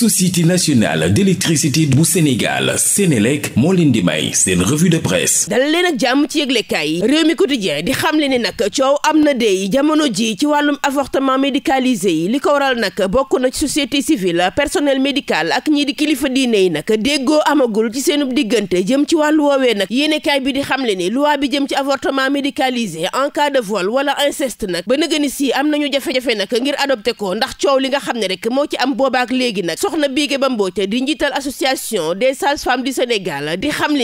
société nationale d'électricité bu Sénégal Sénélec moo leen di may seen revue de presse dal leen ak jàmm ci yëglekaay yi réew mi quotidien di xamle ne nag coow am na dey jamono ji ci wàllum avortement médicalisé yi li ko waral nag bokk na ci société civile personnel médical ak ñii di kilifa diine yi nag déggoo amagul ci seenub diggante jëm ci wàllu woowee nag yéenekaay bi di xam ne loi bi jëm ci avortement médicalisé en cas de vol wala inceste nag ba nëgëni si am nañu jafe-jafe nag ngir adopté ko ndax coow li nga xam soxna Biége Ba Mbodj di njiital association des sages-femmes du Sénégal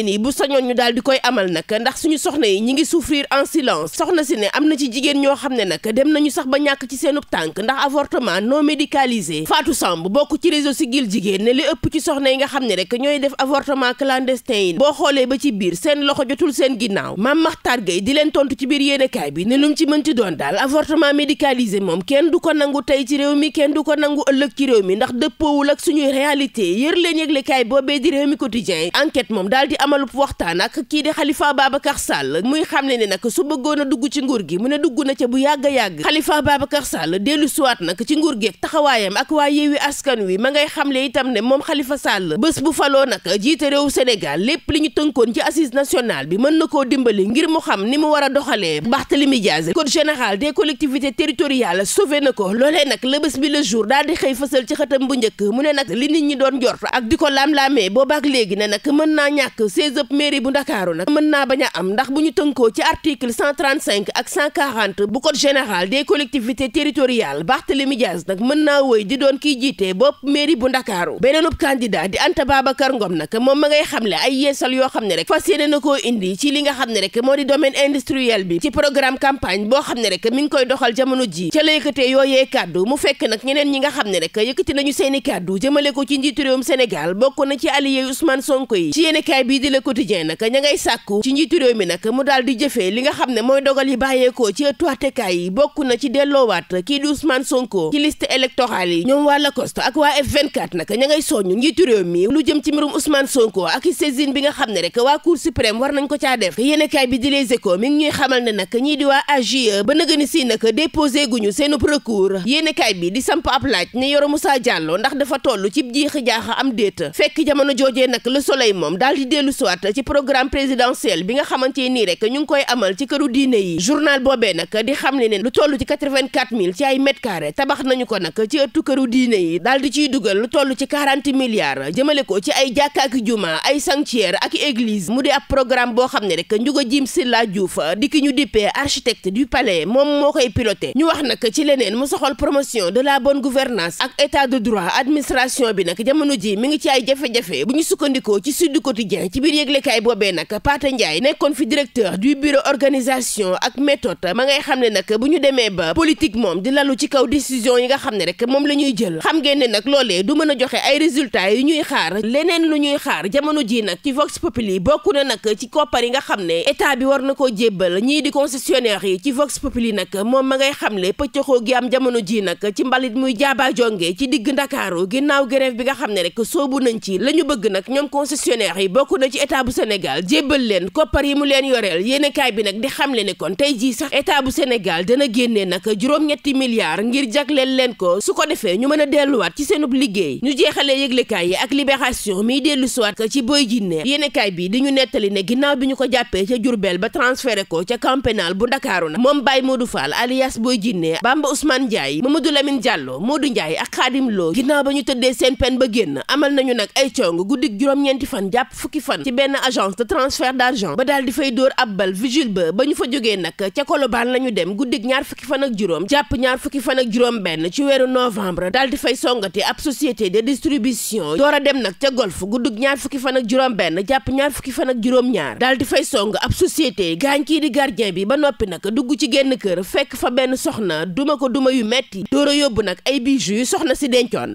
ni bu sañoon ñu daal di koy amal nag ndax suñu soxna yi ñi ngi souffrir en silence soxna si ne am na ci jigéen ñoo xam ne nag dem nañu sax ba ñàkk ci seenub tànk ndax avortement non médicalisé Fatou Samb bokk ci réseau Siggil Jigéen ne li ëpp ci soxna yi nga xam ne rek ñooy def avortement clandestin yi boo xoolee ba ci biir seen loxo jotul seen ginnaaw Mame Makhtar Gueye di leen tontu ci biir yéenekaay bi ne lu mu ci mënti doon daal avortement médicalisé moom kenn du ko nangu tey ci réew mi kenn du ko nangu ëllëg ci réew mi ndax dëppoowul suñuy réalité yër leen yëglekaay boobee di réew mi quotidien enquête moom daal di amalu waxtaan ak kii di Khalifa Babacar Sall muy xam ne ne nag su bëggoon a dugg ci nguur gi mu ne dugg na ca bu yàgg a yàgg Khalifa Babacar Sall dellu suwaat nag ci nguur gi ak taxawaayam ak waa Yewwi Askan Wi ma ngay xam xamle itam ne moom Khalifa Sall bés bu faloo nag jiite réewu Sénégal lépp li ñu tënkoon ci assise nationale bi mën na koo dimbali ngir mu xam ni mu war a doxalee Barthélémy Dias code général des collectivités territoriales sauvé na ko loolee nag la bés bi le jour daal di xëy fësal ci xëtam bu njëkk ne nag li nit ñi doon jor ak di ko laam-laamee boobaak léegi ne nag mën naa ñàkk CESEP mairie bu ndakaaru nag mën naa bañ a am ndax bu ñu tënkoo ci article 135 ak 140 bu code général collectivité teritorial territoriales Barthélémy Dias nag mën naa wëy di doon kiy jiitee bopp mairie bu ndakaaru beneenub candidat di Anta Babacar Ngom nag moom ma ngay xam le ay yeesal yoo xam ne rek fas yéene na koo indi ci li nga xam ne rek moo di domaine industriel bi ci programme campagne boo xam ne rek mi ngi koy doxal jamono ji ca la yëkkatee yooyee kàddu nag ñeneen ñi nga xam ne rek yëkkati nañu seeni kàddu Sonko jëmale ko ci njiitu Sénégal bokk na ci allié Ousmane Sonko yi ci yéenekaay bii di Le Quotidien nag ña ngay sàkku ci njiitu mi nag mu daal di jëfee li nga xam ne mooy dogal yi bàyyeekoo ci ëttu àttekaay yi bokk na ci delloowaat kii di Ousmane Sonko ci liste électorale yi ñoom waa Lacoste ak waa F24 nag ña ngay soññu njiitu réew mi lu jëm ci mbirum Ousmane Sonko ak saisine bi nga xam ne rek waa Cour suprême war nañ ko caa def yéenekaay bi di Les Échos mi ngi ñuy xamal ne nag ñii di fa toll ci jiixi jaaxa am déet fekk jamono joojee nag le soleil moom daal di dellu siwaat ci programme présidentiel bi nga xamante nii rek ñu ngi koy amal ci këru diine yi journal boobee nag di xam ne ne lu toll ci quatre-vingt-quatre mille ci ko nag ci ëttu këru diine yi daal di ciy dugal lu toll ci quarante milliards jëmale ko ci ay jàkka ak juma ay sanctuaire ak église mu di ab programme boo xam ne rek Ndiouga Jim Sylla Diouf di ki ñu dippee architecte du palais moom moo koy piloté ñu wax nag ci leneen mu soxal promotion de la bonne gouvernance ak état de droit administration bi nag jamono ji mi ngi ci ay jafe bu ñu sukkandikoo ci Sud Quotidien ci biir yëglekaay boobee nag Pate Ndiaye nekkoon fi directeur du bureau organisation ak méthode ma ngay xam ne nag bu ñu demee ba politique moom di lalu ci kaw décision yi nga xam ne rek moom la ñuy jël xam ngeen ne nag loole du mën a joxe ay résultats yu ñuy xaar leneen lu ñuy xaar jamono ji nag ci Vox Populi bokk na nag ci koppar yi nga xam ne état bi war na koo jébbal ñii di concessionnaire yi ci Vox yi nag moom ma ngay xam le pëccaxoo gi am jamono ji nag ci mbalit muy jaabaa jonge ci digg ndakaaroo ginnaaw grève bi nga xam ne rek soobu nañ ci la ñu bëgg nag ñoom concessionnaire yi bokk na ci état bu Sénégal jébbal leen koppar yi mu leen yoreel yéenekaay bi nag di xam le ne kon tey jii sax état bu Sénégal dana génnee nag juróom-ñetti milliards ngir jagleel leen ko su ko defee ñu mën a delluwaat ci seenub liggéey ñu jeexalee yëglekaay yi ak libération miy dellu siwaat ci Boy Djiné yéenekaay bi di ñu nettali ne ginnaaw bi ñu ko jàppee ca Jurbel ba transféré ko ca camp bu Ndakaaru nag moom Baye Modou Fall alias Boy Djiné Bamba Ousmane Ndiaye Mamadou Lamine Diallo Modou Ndiaye ak Khadim Lo ginnaaw ba tëddee seen peine ba génn amal nañu nag ay cong guddik juróom-ñeenti fan jàpp fukki fan ci benn agence de transfert d'argent ba daal di fay dóor ab bal vigile ba ba ñu fa jógee nag ca Colobane la ñu dem guddik ñaar fukki fan ak juróom jàpp ñaar fukki fan ak juróom benn ci weeru novembre daal di fay songati ab société de distribution door a dem nag ca golf guddik ñaar fukki fan ak juróom benn jàpp ñaar fukki fan ak juróom ñaar daal di fay song ab société gaañ di gardien bi ba noppi nag dugg ci génn kër fekk fa benn soxna duma ko duma yu metti yóbbu nag ay bijoux soxna si dencoon